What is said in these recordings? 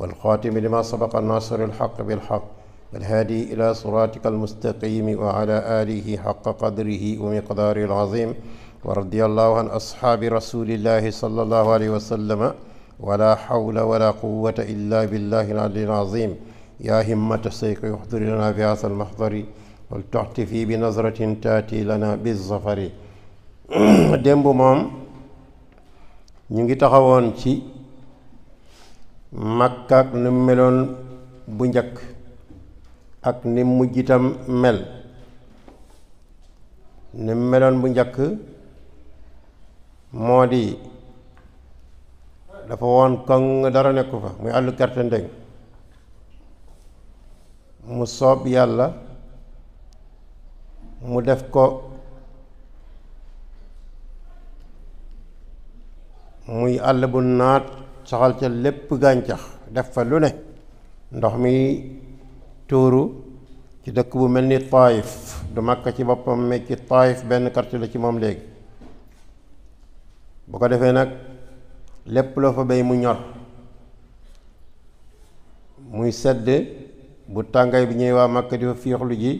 والخاتم لما سبق الناصر الحق بالحق والهادي إلى صراطك المستقيم وعلى آله حق قدره ومقداره العظيم ورضي الله عن أصحاب رسول الله صلى الله عليه وسلم ولا حول ولا قوة إلا بالله العلي العظيم يا همة السيق يحضر لنا في هذا المحضر ولتحتفي بنظرة تأتي لنا بالظفر démb moom ñu ngi taxawoon ci Makka ak ni meloon bu njëkk ak ni mujj itam mel ni meloon bu njëkk moo di dafa woon nga dara nekku fa muy àll kerte ndeng mu soob yàlla mu def ko muy àll bu naat soxal ca lépp gàncax def fa lu ne ndox mi tuuru ci dëkk bu mel ni Taayif du Makka ci boppam mais ci Taayif benn quartier la ci moom léegi bu ko defee nag lépp loo fa bay mu ñor muy sedd bu tàngaay bi ñuy waa Makka di fa fiixlu ji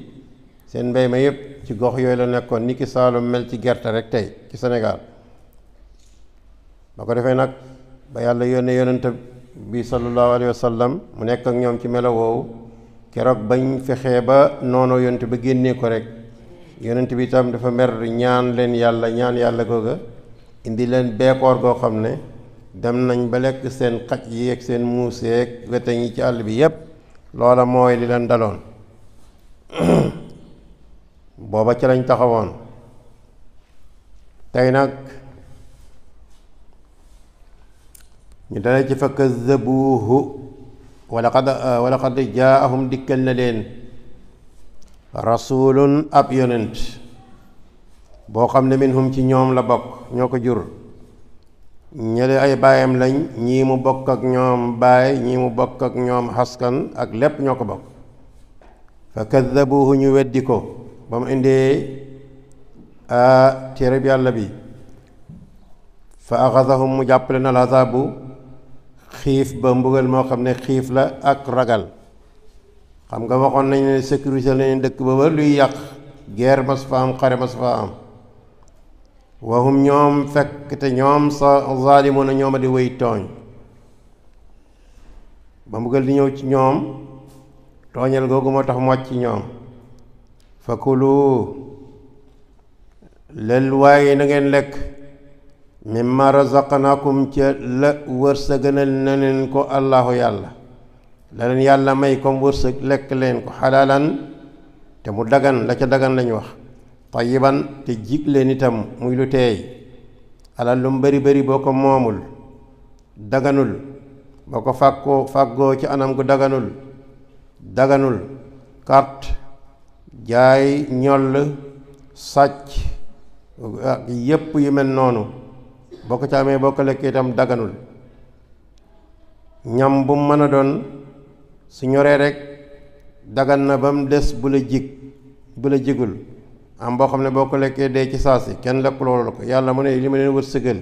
seen mbéy ma yépp ci gox yooyu la nekkoon ni ki Saalum mel ci gerte rek tey ci senegal ba ko defee nag ba yàlla yónnee yonent bi sallallahu alayhi wa sallam mu nekk ak ñoom ci melo woowu keroog bañ fexee ba noonu yonent ba génnee ko rek yonent bi itam dafa mer ñaan leen yàlla ñaan yàlla googa indi leen beekoor goo xam ne dem nañ ba lekk seen xaj yi ak seen muus yeeg weteñ yi ci àll bi yépp loola mooy li leen daloon booba ci lañ taxawoon tey nag ñu dale ci fa kazzabuuhu wa laqad wa laqad jaahum dikkal na leen rasulun ab yonent boo xam ne minhum ci ñoom la bokk ñoo ko jur ñële ay baayam lañ ñii mu bokk ak ñoom baay ñii mu bokk ak ñoom xaskan ak lépp ñoo ko bokk fa kaddabuhu ñu weddi ko ba mu indee téereb yàlla bi fa axasahum mu jàppale na xiif ba mbugal moo xam ne xiif la ak ragal xam nga waxoon nañ ne sécuriser nañu dëkk ba ba luy yàq guerre mas fa am xare mas fa am waxum ñoom fekk te ñoom sa zaalimu na ñooma di wéy tooñ ba mbugal di ñëw ci ñoom tooñal googu moo tax mu wàcc ci ñoom fakulu lel waaye na ngeen lekk mimma razaqnaakum ca la wërsëgënal na leen ko allahu yàlla la leen yàlla may comme wërsëg lekk leen ko xalaalan te mu dagan la ca dagan lañu wax tayiban te jig leen itam muy lu teey alal lu mu bari bari boo ko moomul daganul boo ko fàggoo fàggoo ci anam gu daganul daganul carte jaay ñoll sàcc yépp yu mel noonu boo ko ci amee boo ko lekkee itam daganul ñam bu mu mën a doon su ñoree rek dagan na ba mu des bu la jig bu la jigul am boo xam ne boo ko lekkee dee ci saasi kenn lekk loolu ko yàlla mu ne li ma leen wërsëgal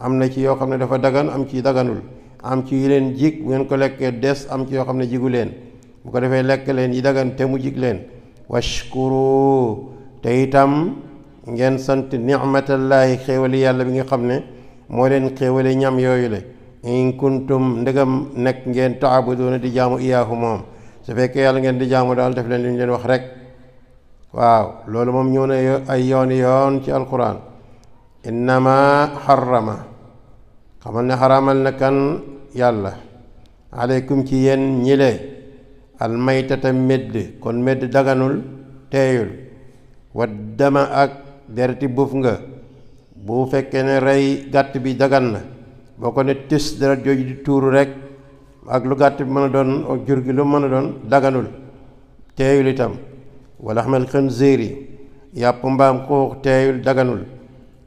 am na ci yoo xam ne dafa dagan am ci daganul am ci yi leen jig bu ngeen ko lekkee des am ci yoo xam ne jigu leen bu ko defee lekk leen yi dagan te mu jig leen washkuru te itam ngeen sant nicmatallaahi xéewali yàlla bi nga xam ne moo leen xéewale ñam yooyu le in kuntum ndegam nekk ngeen taabuduuna di jaamu iyaahu moom su fekkee yàlla ngeen di jaamu daal def leen li ñu leen wax rek waaw loolu moom ñëw na ay yoon ci alquran innama xarama xamal ne xaramal na kan yàlla aleykum ci yéen ñile almaytata médd kon médd daganul teeyul wa ak dereti buf nga bu fekkee ne rey gàtt bi dagan na boo ko ne tis deret jooju di tuuru rek ak lu gàtt bi mën a doon jur gi lu mën a doon daganul teeyul itam wala xamal xinziiri yàpp mbaam xuux teeyul daganul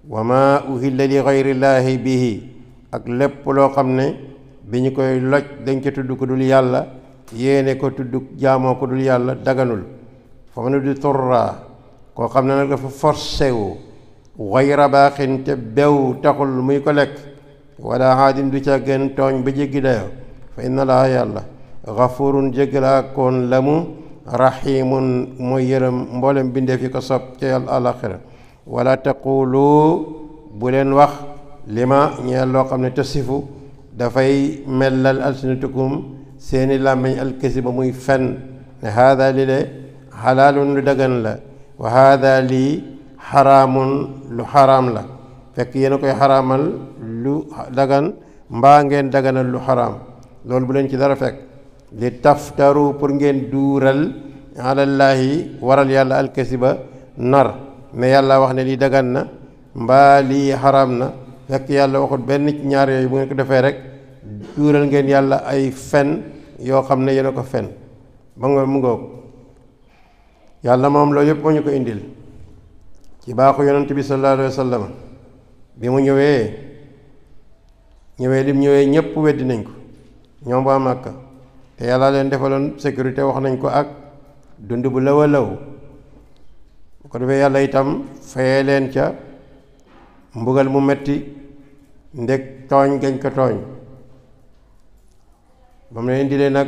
wa maa uhilla li gayrillaahi bihi ak lépp loo xam ne bi ñu koy loj dañ ca tudd ko dul yàlla yéene ko tudd jaamoo ko dul yàlla daganul fa ma ne du turraa koo xam ne nag dafa forcé xayra baaxin te bew taxul muy ko lekk wala xaadim du ca gën tooñ ba jéggi dayo fa inna laa yàlla xafurun jéggalaa koon la mu mooy yërëm mboolem bindeef yi ko sob ca yàlla àlaxira wala taqulu bu leen wax lima ñeel loo xam ne tasifu dafay mellal alsinatukum seeni làmbiñ alkasi ba muy fen ne haada le xalaalun lu dagan la wa haada xaraamun lu xaraam la fekk yéen a koy xaramal lu dagan mbaa ngeen daganal lu xaram loolu bu leen ci dara fekk li taftaru pour ngeen duural alallaahi waral yàlla ba nar ne yàlla wax ne lii dagan na mbaa lii xaram na fekk yàlla waxut benn ñaar yooyu bu ngeen ko defee rek duural ngeen yàlla ay fen yoo xam ne yéen a ko fen ba nga mu ngoog yàlla moom loolu yëpp moo ñu ko indil ci baaxu yonent bi sallallahu alayhi wa sallam bi mu ñëwee ñëwee lim ñëwee ñëpp weddi nañ ko ñoom waa Màkka te yàlla leen defaloon sécurité wax nañ ko ak dund bu law a law bu ko defee yàlla itam fayee leen ca mbugal mu metti ndeg tooñ gañ ko tooñ ba mu leen indilee nag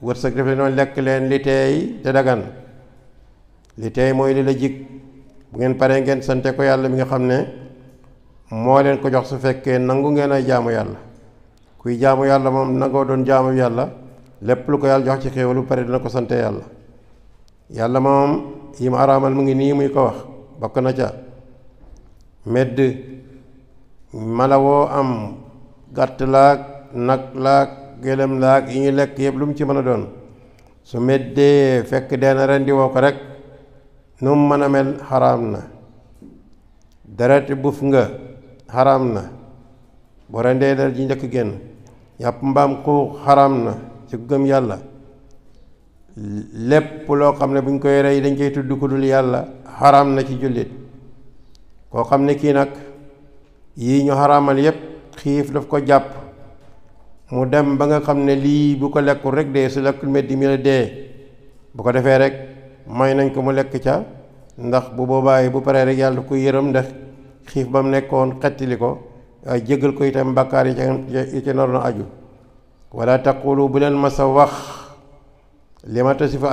wërsëg def leen lekk leen li teey te dagan li mooy li la jig bu ngeen paree ngeen sante ko yàlla mi nga xam ne moo leen ko jox su fekkee nangu ngeen ay jaamu yàlla kuy jaamu yàlla moom nangoo doon jaamu yàlla lépp lu ko yàlla jox ci xéewal bu pare dina ko sante yàlla yàlla moom yi mu araamal mu ngi nii muy ko wax bokk na ca medd malawoo am gàtt laag nag laag gëlëm laag yi ñuy lekk yëpp lu mu ci mën a doon su meddee fekk dee na rendi woo ko rek nu mu mën a mel xaraam na dereti buf nga xaraam na boo rendee deret ji njëkk génn yàpp mbaam xuux xaraam na ci gëm yàlla lépp loo xam ne bu ñu koy rey dañ koy tudd ku dul yàlla xaraam na ci jullit koo xam ne kii nag yi ñu xaraamal yépp xiif daf ko jàpp mu dem ba nga xam ne lii bu ko lekkul rek dee su lekkul meddi mi la dee bu ko defee rek may nañ ko mu lekk ca ndax bu boobaa bu paree rek yàlla ku yërëm ndax xiif ba mu nekkoon xettili ko waaye jéggal ko itam bakkaar yi ca yi aju wala taqulu bu leen mas a wax li ma tasifu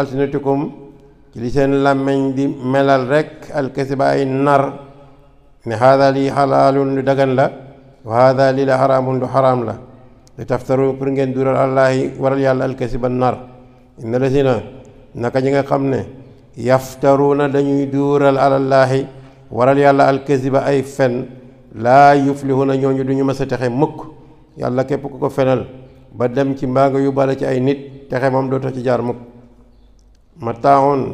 ci li seen làmmiñ di melal rek alkasiba ay nar ne haada yi xalaalun lu dagan la wa haada lii la xaraamun lu xaraam la li taftaru pour ngeen dural allaahi waral yàlla alkasiba nar inna na naka ñi nga xam ne yaftaruuna dañuy duural alallaahi waral yàlla alkasiba ay fen laa yuflihuna ñooñu du ñu mës a texe mukk yàlla képp ku ko fenal ba dem ci mbaa nga yóbbaale ci ay nit texe moom dootoo ci jaar mukk ma taawoon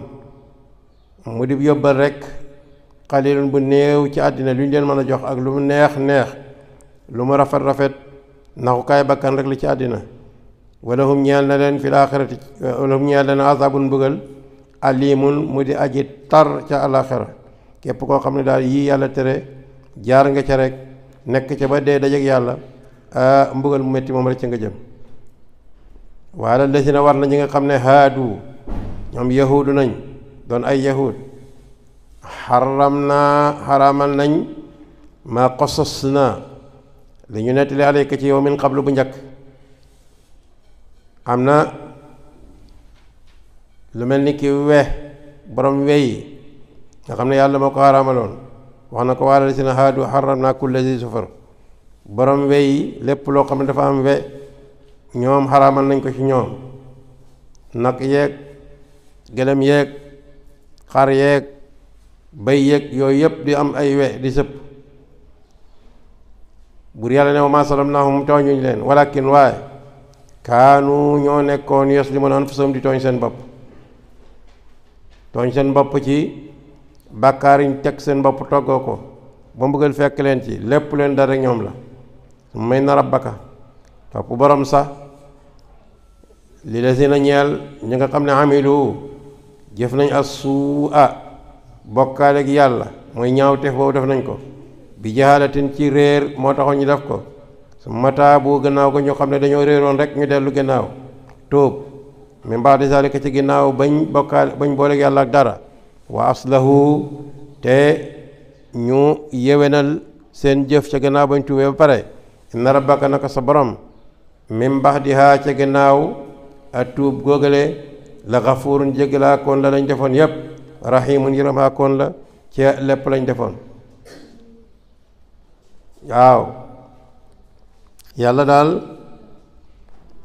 mu di yóbbal rekk xalilun bu néew ci àddina lu ñu leen mën a jox ak lu mu neex neex lu mu rafet rafet naxukaay bakkan rek la ci àddina wala hum ñeel na leen fil aaxirati wala hum ñeel na leen azaabun mbugal alimun mu di aji tar ca alaxira képp koo xam ne daal yii yàlla tere jaar nga ca rek nekk ca ba dee dajeek yàlla ah, mbugal metti moom rek ca nga jëm waala lesina war na ñi nga xam ne haadu ñoom yahuudu nañ doon ay yahuud xaram naa xaraamal nañ maa qasas naa li ñu nettali aleyka ci yow min qablu bu njëkk am na lu mel ni ki we borom we yi nga xam ne yàlla moo ko xaraamaloon wax na ko waa la si na haadu xaram naa kulla zi sufar borom we yi lépp loo xam ne dafa am we ñoom xaraamal nañ ko ci ñoom nag yeeg gëlëm yeek xar yeeg bay yeeg yooyu yëpp di am ay we di sëpp buur yàlla ne wa naa mu tooñuñ leen walakin waaye kaanu ñoo nekkoon yaslimuuna anfusahum di tooñ seen bopp tooñ seen bopp ci bàkkaar teg seen bopp toggoo ko ba mbugal fekk leen ci lépp leen dara ñoom la su may na rabbaka topp borom sax seen a ñeel ñi nga xam ne amilu jëf nañ ak asuu a bokkaale ak yàlla mooy ñaawteef boobu def nañ ko bi jahaalatin ci réer moo taxoon ñu def ko su mataa boo gannaaw ko ñu xam ne dañoo réeroon rek ñu dellu gannaaw tóob min baadi zalika ci ginnaaw bañ bokkaal bañ booleeg yàlla ak dara wa aslahu te ñu yewenal seen jëf ca ginnaaw bañ tuubee ba pare inna rabbaka naka sa borom min baxdiha ca ginnaaw a tuub góogale la xafuurun jégalaa koon la lañ defoon yépp rahimun yërëmaa koon la ca lépp lañ defoon waaw yàlla daal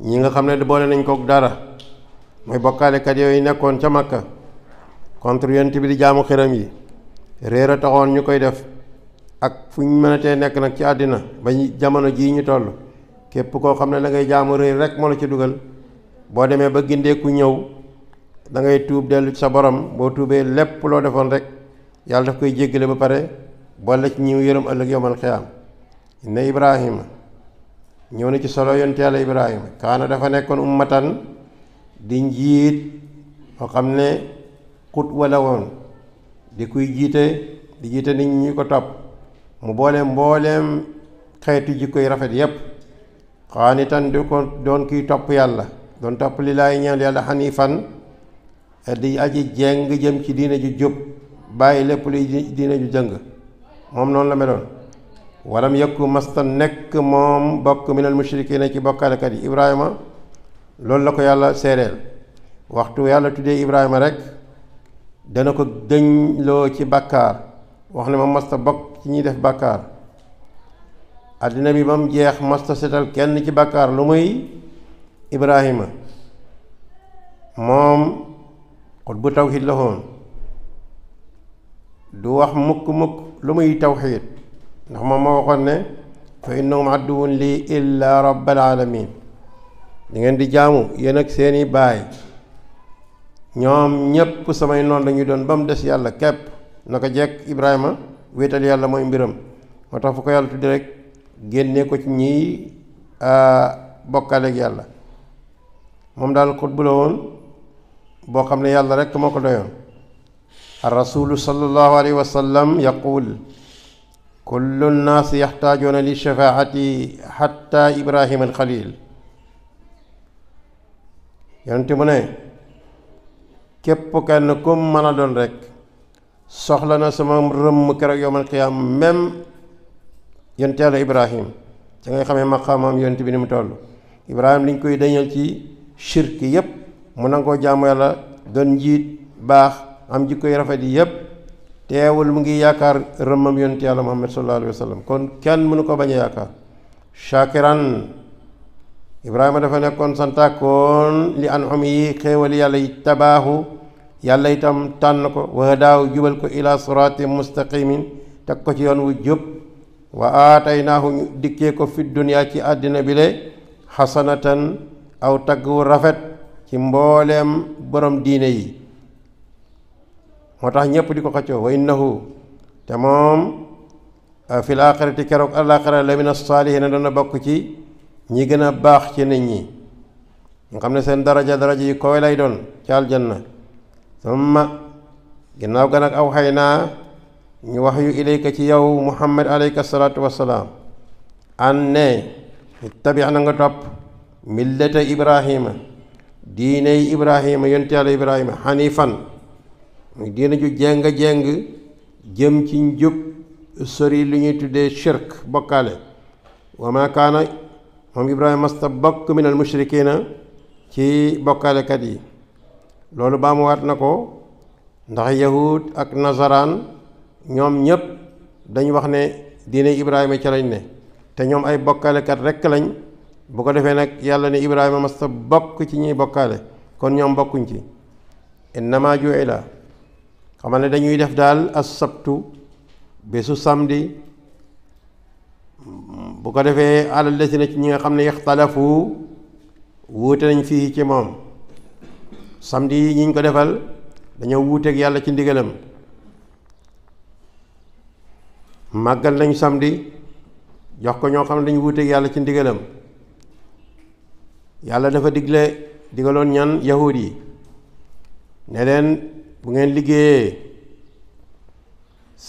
ñi nga xam ne boole nañ kook dara mooy bokkaalekat yooyu nekkoon ca Makka contre bi di jaamu xiram yi réer a taxoon ñu koy def ak fu ñu mënatee nekk nag ci àddina ba jamono jii ñu toll képp koo xam ne da ngay jaamu réer rek moo la ci dugal boo demee ba gindeeku ñëw da ngay tuub dellu sa borom boo tuubee lépp loo defoon rek yàlla daf koy jéggale ba pare boole ci ñiw yërëm ëllëg yowmal xiyaam ne Ibrahima ñëw na ci solo yonte yàlla Ibrahima kaana dafa nekkoon ummatan di njiit moo xam ne xut wala woon di kuy jiite di jiite nit ñi ko topp mu boole mbooleem xeetu jikko yu rafet yépp xaanitan di ko doon kiy topp yàlla doon topp li lay ñeel yàlla fan di aji jeng jëm ci diine ju jub bàyyi lépp luy diine ju jëng moom noonu la meloon walam yëkku mastan nekk moom bokk minal mushrikiina ci bokkaalekat yi Ibrahima loolu la ko yàlla seereel waxtu yàlla tuddee Ibrahima rek dana ko dëñloo ci bàkkaar wax ne ma masta bokk ci ñuy def bàkkaar àddina bi ba mu jeex masta setal kenn ci bàkkaar lu muy Ibrahima moom xut bu tawxiid la woon du wax mukk mukk lu muy tawxiid ndax moom moo waxoon ne fa innahum adduwun lii illa rabbil alamin di ngeen di jaamu yéen ak seeni baay ñoom ñépp samay noon lañuy doon ba mu des yàlla kepp na ko jekk Ibrahima wéetal yàlla mooy mbiram moo tax fu ko yàlla tuddi rek génnee ko ci ñiy bokkaaleeg yàlla moom daal xut la woon boo xam ne yàlla rek moo ko doyoon ar rasulu sallallahu alayhi wa sallam yaqul kullu nnaasi yaxtaajoona li shafaati xatta ibrahima alxalil yonent mu ne képp kenn ku mën a doon rek soxla na sama rëmm keroog yowmal xiyaam même yonent yàlla ibrahim ca ngay xamee maqaamam yonent bi ni mu toll ibrahim liñ koy dañal ci shirk yépp mu nangoo jàmm yàlla doon njiit baax am jikko yu rafet yi yépp teewul mu ngi yaakaar rëmmam yonent yàlla muhammad sallallahu alayhi wa sallam kon kenn mënu ko bañ a yaakaar shakiran ibrahima dafa nekkoon santaakoon li an'am yi xéewal yàlla yi tabaahu yàlla itam tànn ko wa daaw jubal ko ila siraati mustaqimin teg ko ci yoon wu jub wa aataynaahu ñu dikkee ko fi duniyaa ci àddina bi le xasanatan aw tagg wu rafet ci mbooleem borom diine yi moo tax ñépp di ko xëccoo wa innahu te moom fil aaxirati keroog alaaxira la min as-saalihiina dana bokk ci ñi gën a baax ci nit ñi nga xam ne seen daraja daraja yi kowe lay doon ci aljanna summa ginnaaw ga nag aw xay naa ñu wax yu ilayka ci yow muhammad alayka salaatu wassalaam an ne ittabi na nga topp millata ibrahima diiney ibrahima yonte yàlla ibrahima xanifan muy diina ju jéng-jéng jëm ci njub sori lu ñuy tuddee shirk bokkaale wa ma kaana moom Ibrahima mas ta bokk minal mushrikina ci bokkaalekat yi loolu baamuwaat na ko ndax yahud ak nasaraan ñoom ñépp dañ wax ne diine Ibrahima ca lañ ne te ñoom ay bokkalekat rekk lañ bu ko defee nag yàlla ne Ibrahima mas bokk ci ñuy bokkaale kon ñoom bokkuñ ci innama juila xamal ne dañuy def daal as sabtu bésu samedi bu ko defee alal desina ci ñi nga xam ne ixtalafu wuute nañ fii ci moom samedi yi ñiñ ko defal dañoo wuuteeg yàlla ci ndigalam màggal nañ samedi jox ko ñoo xam ne dañu wuuteeg yàlla ci ndigalam yàlla dafa digle digaloon ñan yahud yi ne bu ngeen liggéeyee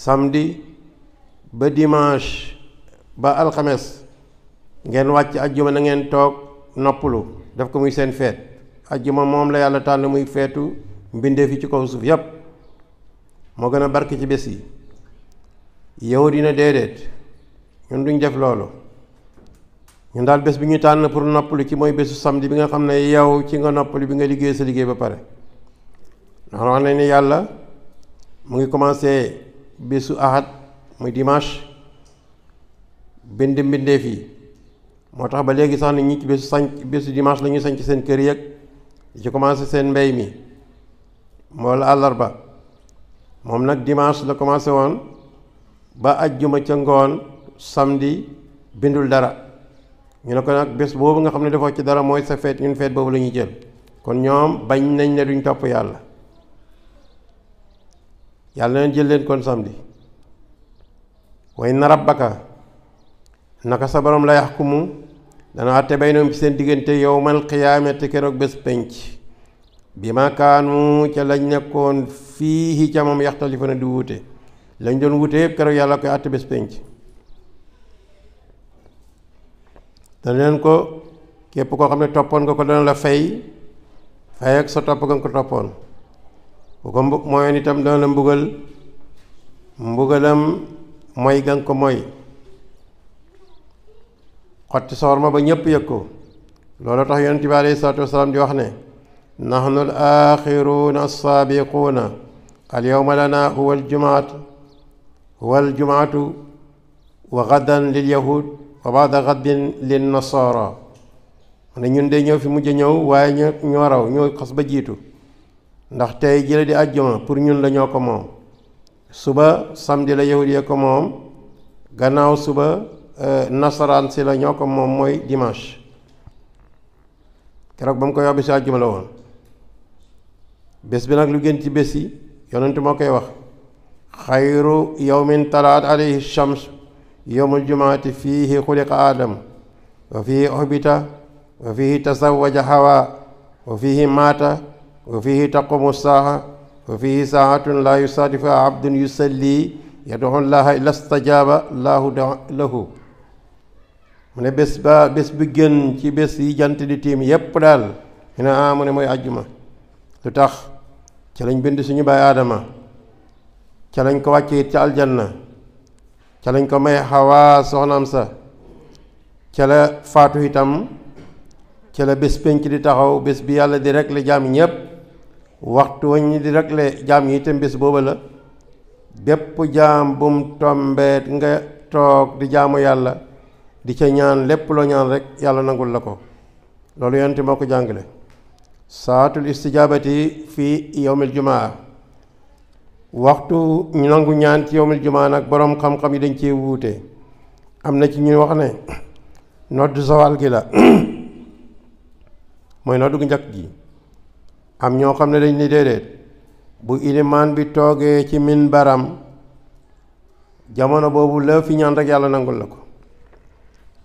samedi ba dimanche ba alxames ngeen wàcc ajjuma na ngeen toog noppalu def ko muy seen feet ajjuma moom la yàlla tànn muy feetu mbindeef yi ci kaw suuf yépp moo gën a bark ci bés yi yow dina déedéet ñun duñ def loolu ñun daal bés bi ñu tànn pour noppalu ci mooy bésu samedi bi nga xam ne yow ci nga noppalu bi nga liggéey sa liggéey ba pare ndax wax nañ ne yàlla mu ngi commencé bésu ahad muy dimanche bind mbindeef yi moo tax ba léegi sax nit ñi ci bésu sanc bésu dimanche lañuy ñuy sanc seen kër yeeg di ci commencé seen mbéy mi moo la àllarba moom nag dimanche la commencé woon ba ajjuma ca ngoon samedi bindul dara ñu ne ko nag bés boobu nga xam ne defoo ci dara mooy sa feet ñun feet boobu lañuy ñuy jël kon ñoom bañ nañ ne duñ topp yàlla yàlla na jël leen kon samedi way na rabbaka naka sa boroom la yaxkumu dana àtte baynoom ci seen diggante yowmal qiyaamati keroog bés penc bi ma kaanu ca lañ nekkoon fii ca moom yaxtalifuna di wuute lañ doon wuute yëpp keroog yàlla koy àtte bés penc dana leen ko képp koo xam ne toppoon nga ko dana la fay fay ak sa topp nga ko toppoon ku ko mooyoon itam dana la mbugal mbugalam mooy ga nga ko mooy xotti soorma ba ñëpp yëg ko loolu tax yonent bi alayhi salaatu wasalaam di wax ne nahnu al axiruuna assaabiquuna al jumaat huwa jumaatu wa gadan lil yahud wa baada gadin lin nasaara ne ñun de ñëw fi mujj ñëw waaye ñu ñoo raw ñoo xas ba jiitu ndax tey jële di àjjuma pour ñun lañoo ko moom suba samedi la yahud yee ko moom gannaaw suba Euh, nasaraan si la ñoo ko moom mooy dimanche keroog ba mu ko yóbbu si àjjuma la woon bés bi nag lu gën ci bés yi yonent koy wax xayru yawmin talaat alayhi shams yawmul jumaati fiihi xuliqa aadam wa fiihi uhbita wa fiihi tasawaja hawa wa fiihi maata wa fiihi taqumu saaha wa fiihi saatun laa yusaadifuha abdun yusalli yad'u llaha illa stajaaba lahu lahu mu ne bés ba bés bi gën ci bés yi jant di tiim yépp daal ñu ne ah ne mooy àjjuma lu tax ca lañ bind suñu baay aadama ca lañ ko wàcce it ca la ca lañ ko may xawaa soxnaam sa ca la faatu itam ca la bés penc di taxaw bés bi yàlla di rek le jaam ñépp waxtu wañ di rek le jaam yi itam bés booba la bépp jaam bum tombeet nga toog di jaamu yàlla di ca ñaan lépp loo ñaan rek yàlla nangul la ko loolu yonent moo ko jàngale saatul istijaabati fi yowmil jumaa waxtu ñu nangu ñaan ci yowmil jumaa nag boroom xam-xam yi dañ ci wuute am na ci ñuy wax ne noddu zawal gi la mooy noddu gu njëkk gi am ñoo xam ne dañ ni déedéet bu ilimaan bi toogee ci minbaram jamono boobu la fi ñaan rek yàlla nangul la ko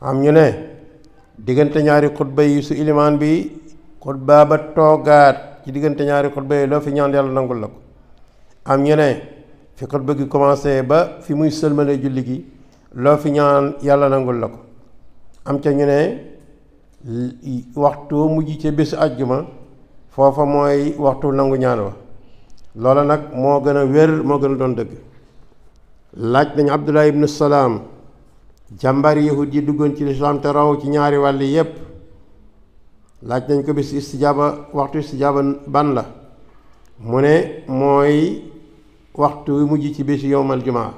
am ñu ne diggante ñaari xutba yi su ilimaan bi xutba ba toogaat ci diggante ñaari xutba yi loo fi ñaan yàlla nangul la ko am ñu ne fi xutba gi commencé ba fi muy sëlmale julli gi loo fi ñaan yàlla nangul la ko am ca ñu ne waxtu mujj ca bésu àjjuma foofa mooy waxtu nangu ñaan wa loola nag moo gën a wér moo gën a doon dëgg laaj nañu Abdullah ibn Salaam jàmbar yahud yi duggoon ci lislaam te raw ci ñaari wàll yépp laaj nañ ko bis istijaaba waxtu istijaaba ban la mu ne mooy waxtu wi mujj ci biir bésu yowmal jumaa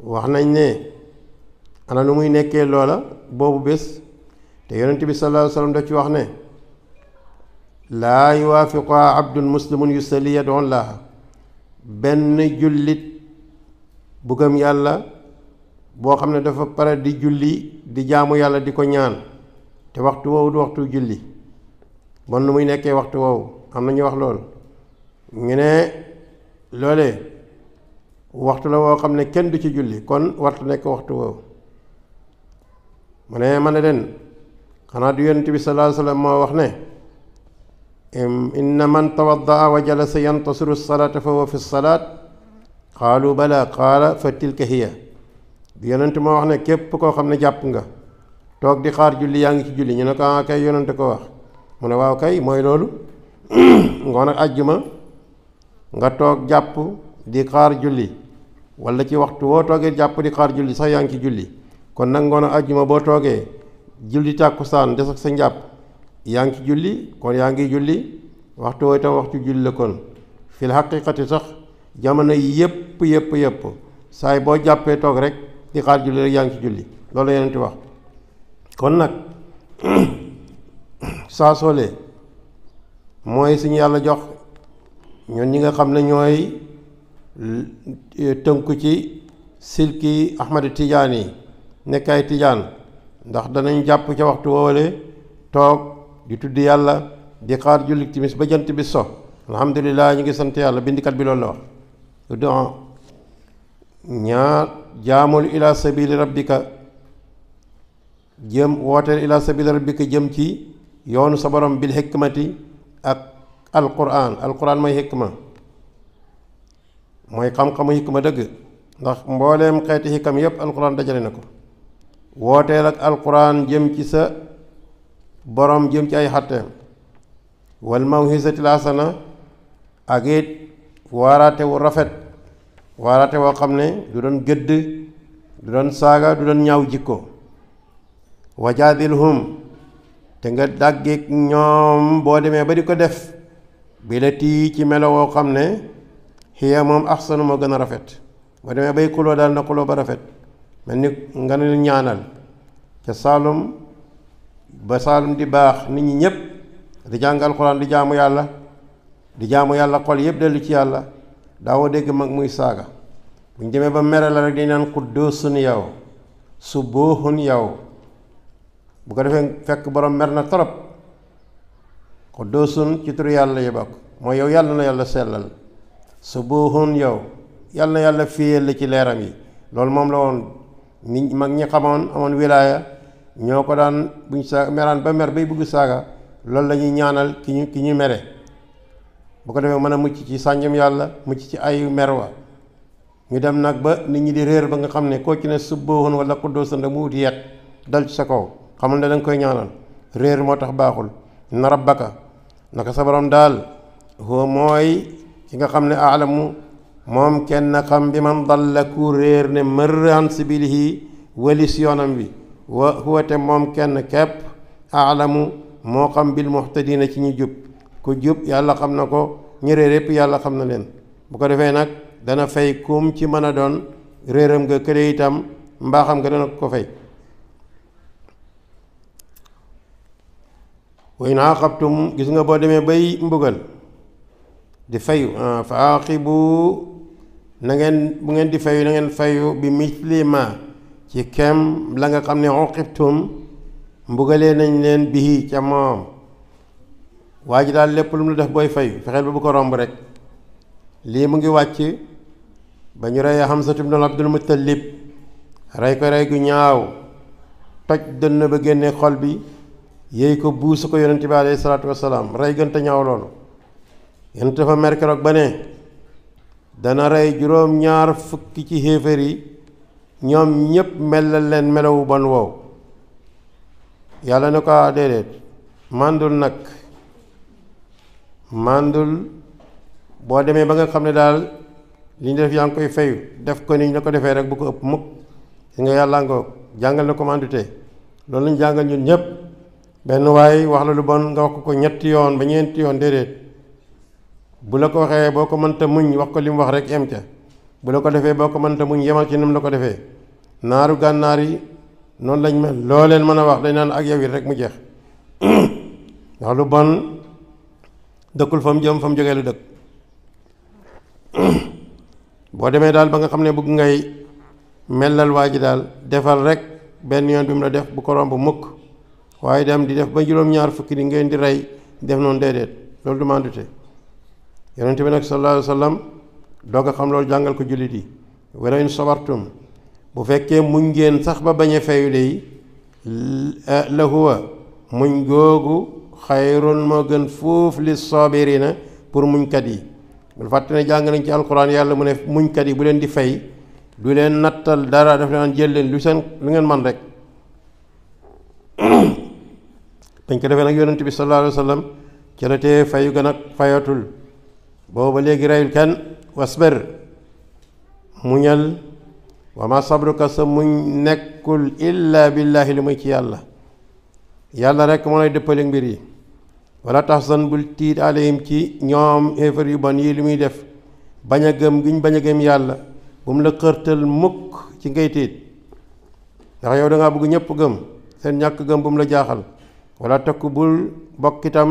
wax nañ ne ana lu muy nekkee loola boobu bés te yonent bi sallallahu alayhi wasallam da ci wax ne laa yuwaafiquha abdun muslimun yusalli yad'u llaha benn jullit bu gëm yàlla boo xam ne dafa pare di julli di jaamu yàlla di ko ñaan te waxtu woowu du waxtu julli bon nu muy nekkee waxtu woowu am na ñu wax loolu ñu ne loolee waxtu la woo xam ne kenn du ci julli kon wartu nekk waxtu woowu mu ne ma ne den xanaa du yonent bi sallallahu alayhi moo wax ne inna man tawaddaa wa jalasa yantasiru salaata fa huwa fi salaat qaalu bala qaala fa tilka hiya yonent moo wax ne képp koo xam ne jàpp nga toog di xaar julli yaa ngi ci julli ñu ne ko ah kay yonent ko wax mu ne waaw kay mooy loolu ngoon ak àjjuma nga toog jàpp di xaar julli wala ci waxtu woo toogee jàpp di xaar julli sax yaa ngi ci julli kon nag ngoon àjjuma boo toogee julli tàkkusaan des sa njàpp yaa ngi julli kon yaa ngi julli waxtu woo itam waxtu julli la kon la xaqiqati sax jamono yépp yépp yépp saay boo jàppee toog rek di xaar julli rek yaa ngi ci julli loolu la yonent wax kon nag saa soolee mooy suñu yàlla jox ñoom ñi nga xam ne ñooy eh, tënku ci silki Ahmadu Tijaan yi nekk ay Tijaan ndax danañ jàpp ca waxtu woole toog di tudd yàlla di xaar julli timis ba jant bi so alhamdulilah ñu ngi sant yàlla bindikat bi loolu la wax ñaar jaamul ila sabili rabbika jëm wooteel ila sabili rabbika jëm ci yoonu sa borom bil xikmati ak alquran alquran mooy xikma mooy xam-xamu xikma dëgg ndax mbooleem xeeti xikam yépp alquran dajale na ko wooteel ak alquran jëm ci sa boroom jëm ci ay xatteem wal mawhisatil hasana ak it waaraate wu rafet waaraate woo xam ne du doon gëdd du doon saaga du doon ñaaw jikko wajaadilhum te nga dàggeek ñoom boo demee ba di ko def bii tii ci melo woo xam ne xiya moom axsanu ma gën a rafet boo demee bay kuloo daal na kuloo ba rafet mel ni nga ne ñaanal ca saalum ba saalum di baax nit ñi ñépp di jàng alxuraan di jaamu yàlla di jaamu yàlla xol yépp dellu ci yàlla daawoo dégg mag muy saaga buñ demee ba mere la rek dañ naan xudduusun yaw subuuhun yow bu ko defee fekk boroom mer na torop xudduusun ci turu yàlla yi bokk mooy yow yàlla na yàlla sellal subuuhun yow yàlla na yàlla fii la ci leeram yi loolu moom la woon nit mag ñi xamoon amoon wilaaya ñoo ko daan buñ saaga meraan ba mer bay bugg saaga loolu la ñuy ñaanal ki ñu ki ñu mere bu ko defee mën a mucc ci sànjum yàlla mucc ci ayu merwa ñu dem nag ba nit ñi di réer ba nga xam ne koo ci ne subbooxoon wala xuddoosan da mu wuti yet dal ci sa kaw xamul ne da koy ñaanal réer moo tax baaxul na rabbaka naka sa borom daal hoo mooy ki nga xam ne aalamu moom kenn xam bi man dalla ku réer ne mër an sabilihi walis yoonam bi wa te moom kenn kepp aalamu moo xam bil muhtadina ci ñu jub ku jub yàlla xam na ko ñi réer yàlla xam na leen bu ko defee nag dana fay kum ci mën a doon réeram nga kële itam mbaaxam nga dana ko fay wa in aqabtum gis nga boo demee bay mbugal di fayu ah, fa aqibu na bu ngeen di fayu na ngeen fayu bi misli ma ci kem la nga xam ne uqibtum mbugalee nañ leen bihi ca moom waa ji daal lépp lu mu def booy fay fexeel ba bu ko romb rek lii mu ngi wàcc ba ñu rey Hamsatu ibn Abdul Muttalib rey ko rey gu ñaaw toj dënn ba génnee xol bi yéey ko buusu ko yonent bi alayhi salaatu wasalaam rey gënte ñaaw loolu yonent dafa mer keroog ba ne dana rey juróom ñaar fukki ci xéefar yi ñoom ñépp mel melal leen melawu bon wow yàlla ne ko ah, déedéet màndul nag mandul boo demee ba nga xam ne daal li def yaa ngi koy fayu def ko ni ñu la ko defee rek bu ko ëpp mukk si nga yàlla ngoog jàngal na ko mandute loolu lañ jàngal ñun ñëpp benn waaye wax la lu bon nga wax ko ko ñetti yoon ba ñeenti yoon déedéet bu la ko waxee boo ko mënta muñ wax ko li mu wax rek yem bu la ko defee boo ko mënta muñ yemal ci ni la ko defee naaru gànnaar yi noonu lañ mel loo leen mën a wax dañ naan ak yow rek mu jeex wax lu bon dëkkul fa mu jëm fa mu jógee lu dëkk boo demee daal ba nga xam ne bëgg ngay melal waa ji daal defal rek benn yoon bi mu la def bu ko romb mukk waaye dem di def ba juróom-ñaar fukki di ngeen di rey def noonu déedéet loolu du mandute yonente bi nag sallallahu alayhi doo ko xam loolu jàngal ko jullit yi wala in sabartum bu fekkee muñ ngeen sax ba bañ a fayu de yi eh, la muñ googu xayrun moo gën foofu li na pour muñkat yi bul fàtte ne jàng nañ ci alquran yàlla mu ne muñkat yi bu leen di fay du leen nattal dara daf leen jël leen lu seen lu ngeen man rek dañ ko defee nag yonent bi sallallahu alayhi wa ci la tee fayu gën ak fayatul booba léegi reyul kenn wasbir muñal wa ma sabruka sa muñ nekkul illa billahi li muy ci yàlla yàlla rek moo lay dëppale mbir yi wala taxzan bul tiit alayhim ci ñoom xéefar yu bon yi li muy def bañ a gëm giñ bañ a gëm yàlla bu mu la xërtal mukk ci ngay tiit ndax yow da bëgg ñëpp gëm seen ñàkk gëm bu mu la jaaxal wala takk bul bokkitam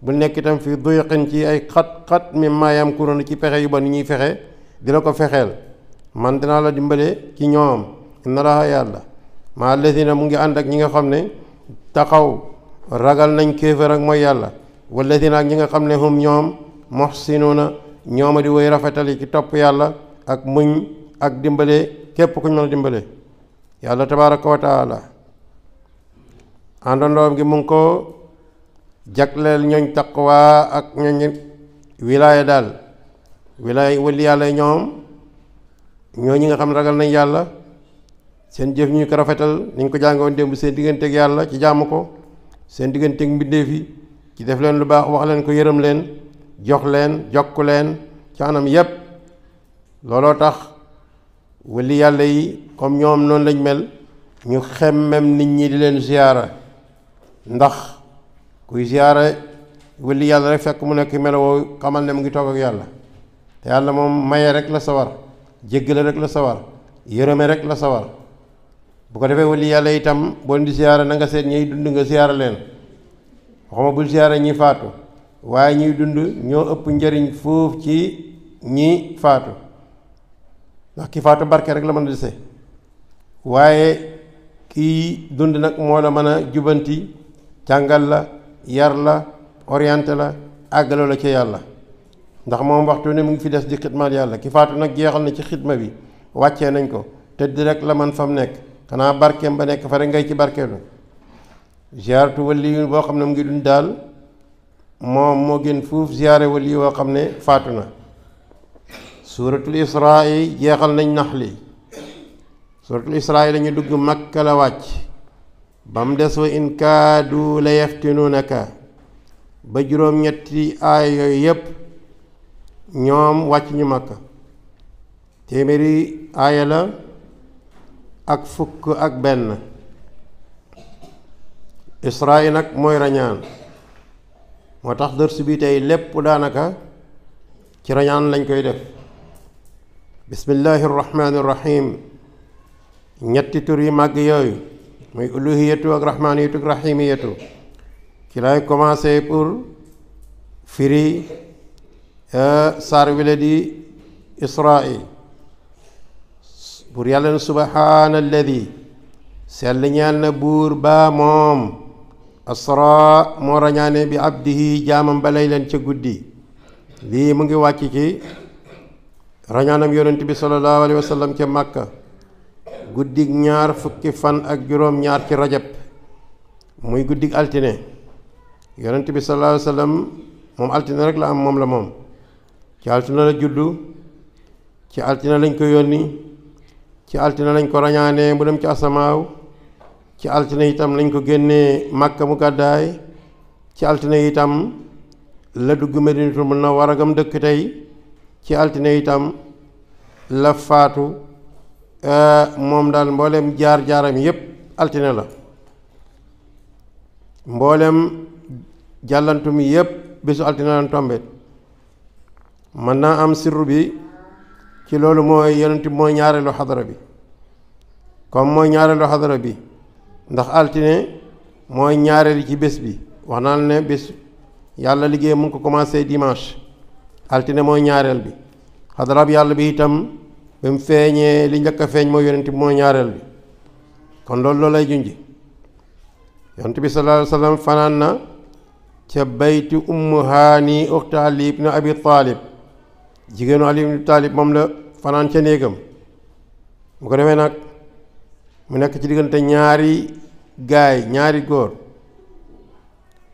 bul nekkitam fi duyqin ci ay xat-xat mi maayam kuroon ci pexe yu bon yi ñuy fexe di la ko fexeel man dinaa la dimbale ci ñoom inna yàlla maa lazina mu ngi ànd ak ñi nga xam ne taxaw ragal nañ kéefër ak mooy yàlla walladina nag ñi nga xam ne hum ñoom muhsinuuna ñooma di woy rafetali ci topp yàlla ak muñ ak dimbale képp kuñ mën a dimbale yàlla tabaaraka wa taala àndandoom gi mu ngi ko jagleel ñooñ waa ak ñooñ wilaaya daal wilaaya wëli yàlla ñoom ñoo ñu nga xam ne ragal nañ yàlla seen jëf ñu ko rafetal niñ ko jàngoon démb seen digganteeg yàlla ci jàmm ko seen digganteeg mbindeef yi ci def leen lu baax wax leen ko yërëm leen jox leen jokk leen ci anam yépp looloo tax wali yàlla yi comme ñoom noonu lañ mel ñu xemmem nit ñi di leen ziyaara ndax kuy ziyaara wali yàlla rek fekk mu nekk melowoo xamal ne mu ngi toog ak yàlla te yàlla moom maye rek la sawar jéggale rek la sawar yërëme rek la sawar bu ko defee wali yàlla itam boo di siyaara na nga seet ñuy dund nga siyaara leen waxuma bul siyaara ñi faatu waaye ñuy dund ñoo ëpp njariñ foofu ci ñi faatu ndax ki faatu barke rek la mën a dese waaye kii dund nag moo la mën a jubanti jàngal la yar la orienté la àggaloo la ca yàlla ndax moom waxtu ne mu ngi fi des di xidmaal yàlla ki faatu nag jeexal na ci xidma bi wàccee nañ ko tëdd rek la man fam nekk xanaa barkeem ba nekk fa rek ngay ci barkeelu ziaratu waliyu boo xam ne mu ngi duñ daal moom moo gën fuuf ziare waliyu woo xam ne faatu na suuratul israa yi jeexal nañ nax li suuratul israa yi lañu dugg makka la wàcc ba mu des wa in kaadu la yaftinuunaka ba juróom-ñetti aay yooyu yépp ñoom wàcc ñu makka téeméeri aaya la ak fukk ak benn isra yi nag mooy rañaan moo tax dërs bi lépp daanaka ci rañaan lañ koy def bismillahi rahmaani rahim ñetti tur yi màgg yooyu muy uluhiyatu ak rahmaaniyatu ak rahimiyatu ci lay commencé pour firi euh, saar wile di isra yi buur yàlla na subhaanalladi sell ñeel na buur baa moom asra moo rañaane bi abdihi jaamam balay leen ca guddi lii mu ngi wàcc ci rañaanam yonent bi sallallahu alayhi wa sallam ca guddi guddig ñaar fukki fan ak juróom ñaar ci rajab muy guddig altine yonent bi sallallahu alayhi moom altine rek la am moom la moom ci altine la juddu ci altine lañ ko yónni ci altine lañ ko rañaanee mu dem ci asamaaw ci altine itam lañ ko génnee màkka mu gàddaay ci altine itam la dugg Madinatul Munawwara gam dëkk tey ci altine itam la faatu euh, moom daal mbooleem jaar-jaaram yépp altine la mboolem jàllantu mi yépp bésu altine lañ tombé mën naa am sirru bi ci loolu mooy yonent bi mooy ñaareelu xadara bi comme mooy ñaareelu xadara bi ndax altine mooy ñaareel ci bés bi wax naa ne bés yàlla liggéey mu ko commencé dimanche altine mooy ñaareel bi xadara bi yàlla bi itam bi mu feeñee li njëkk feeñ mooy yonent bi mooy ñaareel bi kon loolu loolay junji yonent bi sallallahu alayhi fanaan na ca bayti ummu haani uxti ali ibn abi jigéenu Ali Taalib moom la fanaan ca néegam mu ko demee nag mu nekk ci diggante ñaari gaay ñaari góor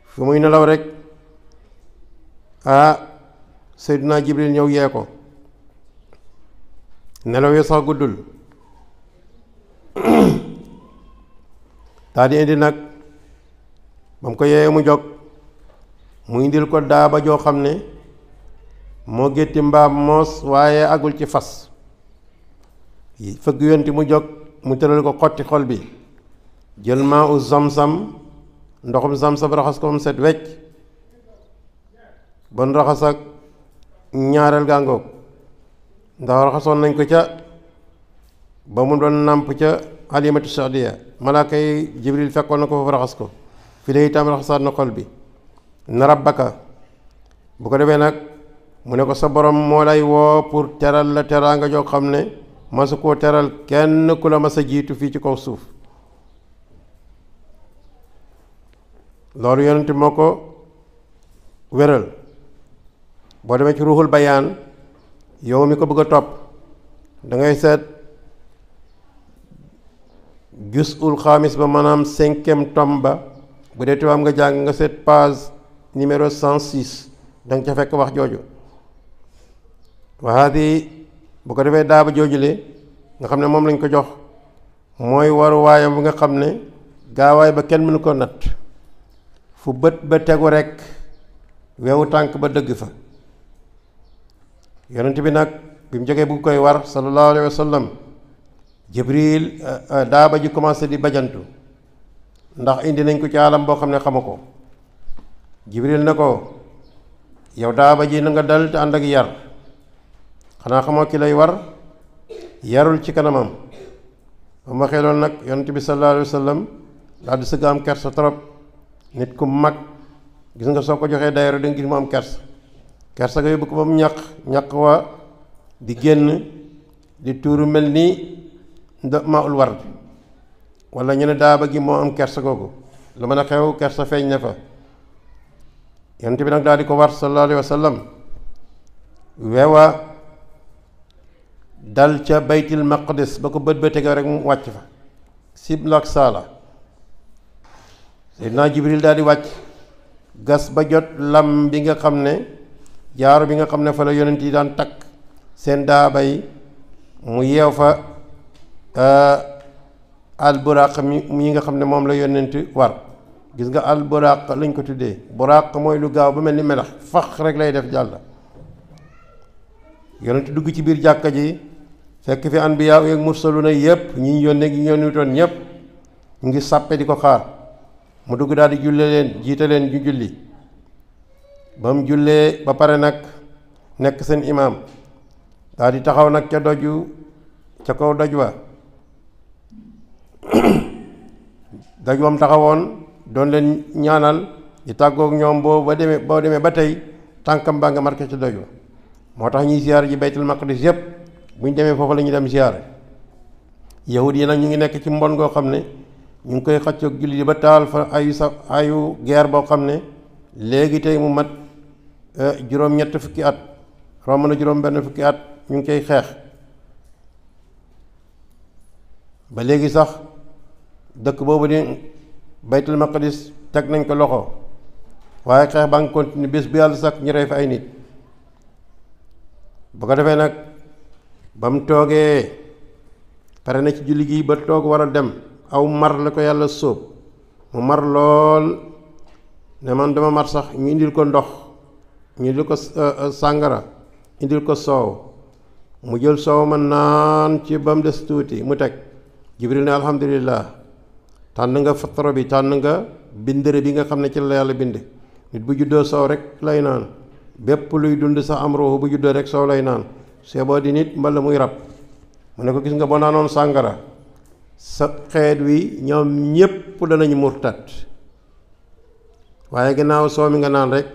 fu muy nelaw rek ah Seydina Jibril ñëw yee ko nelaw yi sax guddul daa di indi nag ba mu ko yeeyee mu jog mu indil ko daaba joo xam ne moo gétti mbaam moos waaye agul ci fas fëgg yonti mu jog mu tëral ko xotti xol bi jël maa u samsam ndoxum samsam raxas ko mu set wecc bon raxas ñaareel gàngoog ndax raxasoon nañ ko ca ba mu doon nàmp ca alimatu saadiya malaaka yi jibril fekkoon na ko foofu raxas ko fi lay itam raxasaat na xol bi na rabbaka bu ko defee nag mu ne ko sa borom moo lay woo pour teral la teraanga joo xam ne masu koo teral kenn ku la mas a jiitu fii ci kaw suuf loolu yonent ma ko wéral boo demee ci ruuxul bayaan yow mi ko bëgg a topp da ngay seet jusul xaamis ba maanaam cinquième tome ba bu dee tubaab nga jàng nga seet page numéro 106 da ca fekk wax jooju waadi bu ko defee daaba joojule nga xam ne moom lañ ko jox mooy waruwaayam bi nga xam ne gaawaay ba kenn mënu ko natt fu bët ba tegu rekk wewu tànk ba dëgg fa yonent bi nag bi mu jógee bu koy war sallallahu alayhi wa sallam jibril euh, euh, daaba ji commencé di bajantu ndax indi nañ ko ci alam boo xam ne xamu ko jibril na ko yow daaba ji na nga dal te ànd ak yar xanaa xamoo kii lay war yarul ci kanamam ba ma xeloon nag yonent bi sallallahu alayhi wa di sëgg am kersa trop nit ku mag gis nga soo ko joxee daayira da gis mu am kers kersa nga yóbbu ko ba mu ñàq ñàq wa di génn di tuuru mel nii nda maa ul war bi wala ñu ne daaba gi moo am kersa googu lu mën a xew kersa feeñ na fa yonent bi nag daal di ko war sallallahu alayhi weewa dal ca baytil maqdis ba ko bët ba tegee rek mu wàcc fa siblak saala seydina jibril daal di wàcc gas ba jot lam bi nga xam ne jaaro bi nga xam ne fa la yonent yi daan takk seen daaba yi mu yeew fa àll eh, alburaq mi nga xam ne moom la yonent war gis nga alburaq lañ ko tuddee buraq mooy lu gaaw ba mel ni melax fax rek lay def jàll yonent dugg ci biir jàkka ji fekk fi anbiyaa yeeg mursaluna yépp ñi ñu yónnee ñi yónniwutoon ñépp mu ngi sàppe di ko xaar mu dugg daal di julle leen jiite leen ñu julli ba mu jullee ba pare nag nekk seen imaam daal taxaw nag ca doju ca kaw doj wa doj wam taxawoon doon leen ñaanal di tàggook ñoom boo ba demee boo demee ba tey tànkam baa nga marqué ca doj wa moo tax ñuy siyaar ji baytul maqdis yépp bu ñu demee foofu lañuy dem siyaare yahud yi nag ñu ngi nekk ci mbon goo xam ne ñu ngi koy xaccoog jullit yi ba taal fa ayu sa ayu guerre boo xam ne léegi tey mu mat eh, juróom-ñett fukki at romb na juróom benn fukki at ñu ngi koy xeex ba léegi sax dëkk boobu di baytul maqdis teg nañ ko loxo waaye xeex baa ngi continue bés bu yàlla sax ñu rey fa ay nit bu ko defee nag ba mu toogee pare na ci julli gi ba toog war a dem aw mar la ko yàlla sóob mu mar lool ne man dama mar sax ñu indil ko ndox ñu indil ko euh, euh, sàngara indil ko soow mu jël soow ma naan ci ba mu des tuuti mu teg jibril ne alhamdulillah tànn nga fataro bi tànn nga bindere bi nga xam ne ci la yàlla bind nit bu juddoo soow rek lay naan bépp luy dund sax am ruuxu bu juddoo rek soow lay naan seeboo di nit mbala muy rab mu ne ko gis nga boo naanoon sàngara sa xeet wi ñoom ñépp danañu murtat waaye gannaaw soo mi nga naan rek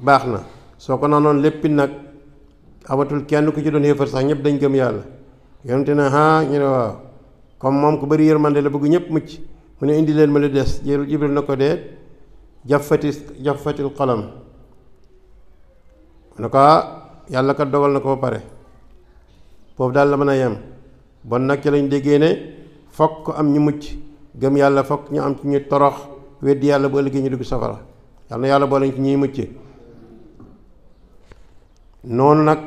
baax na soo ko naanoon léppi nag amatul kenn ku ci doon yéefar sax ñëpp dañ gëm yàlla yonente ne a ñu ne waaw comme moom ku bëri yërmande la bëgg ñëpp mucc mu ne indi leen ma li des jibril na ko dee jafati jafatil xalam mu ne ko ah, yàlla kat dogal na ko ba pare foofu daal la mën a yem bon nag ci lañ déggee ne fokk am ñu mucc gëm yàlla fokk ñu am ci ñu torox weddi yàlla bu ëllëgee ñu dugg safara yàlla na yàlla boole ci ñuy mucc noonu nag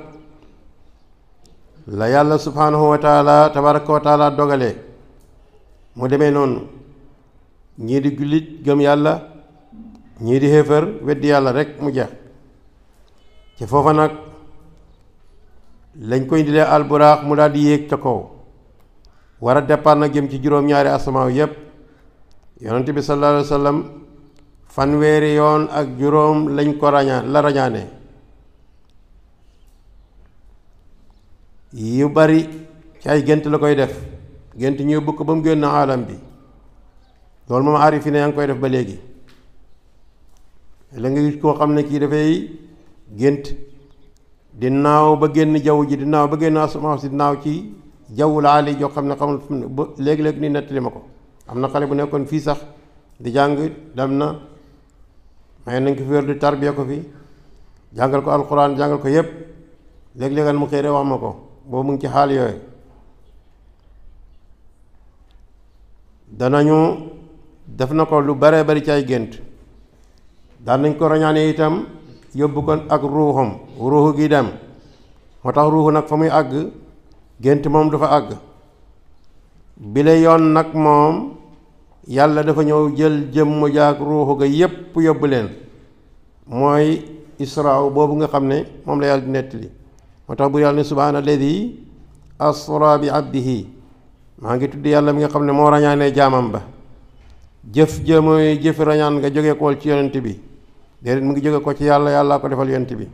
la yàlla subhaanahu wa taala tabaraka dogalee mu demee noonu ñii di jullit gëm yàlla ñii di xéefar weddi yàlla rekk mu jeex ci foofa nag lañ koy indilee alburaax mu daal di yéeg ca kaw war a départ nag jëm ci juróom-ñaari asamaaw yépp yonent bi sallallahu alayhi wa fanweeri yoon ak juróom lañ ko rañaa la rañaane yu bari ci ay gént la koy def gént ñuy bukk ba mu génn alam bi loolu moom aarifi ne yaa ngi koy def ba léegi la nga gis koo xam ne kii dafay gént di naaw ba génn jaww ji di naaw ba génn asamaan si naaw ci jaww laa li joo xam ne xamul fu mu ne ba léegi-léegi nii nettali ma ko am na xale bu nekkoon fii sax di jàng dem na may nañ ko fi wér di tarbiya ko fi jàngal ko alquran jàngal ko yépp léeg-léegan mu xëy wax ma ko boobu mu ngi ci xaal yooyu danañu def na ko lu baree bari ci ay gént daan nañ ko rañaane itam yóbbu ko ak ruuxam ruuxu gi dem moo tax ruuxu nag fa muy àgg gént moom dafa fa àgg bile yoon nag moom yàlla dafa ñëw jël jëmm jaag ruuxu ga yépp yóbbu leen mooy israaw boobu nga xam ne moom la yàlla di nettali moo tax bu yàlla ne subhaana alladi asra bi abdihi maa ngi tudd yàlla mi nga xam ne moo rañaanee jaamam ba jëf jëm jëfi rañaan nga jóge kool ci yonent bi déedéet mu ngi jóge ko ci yàlla yàllaa ko defal yonent bi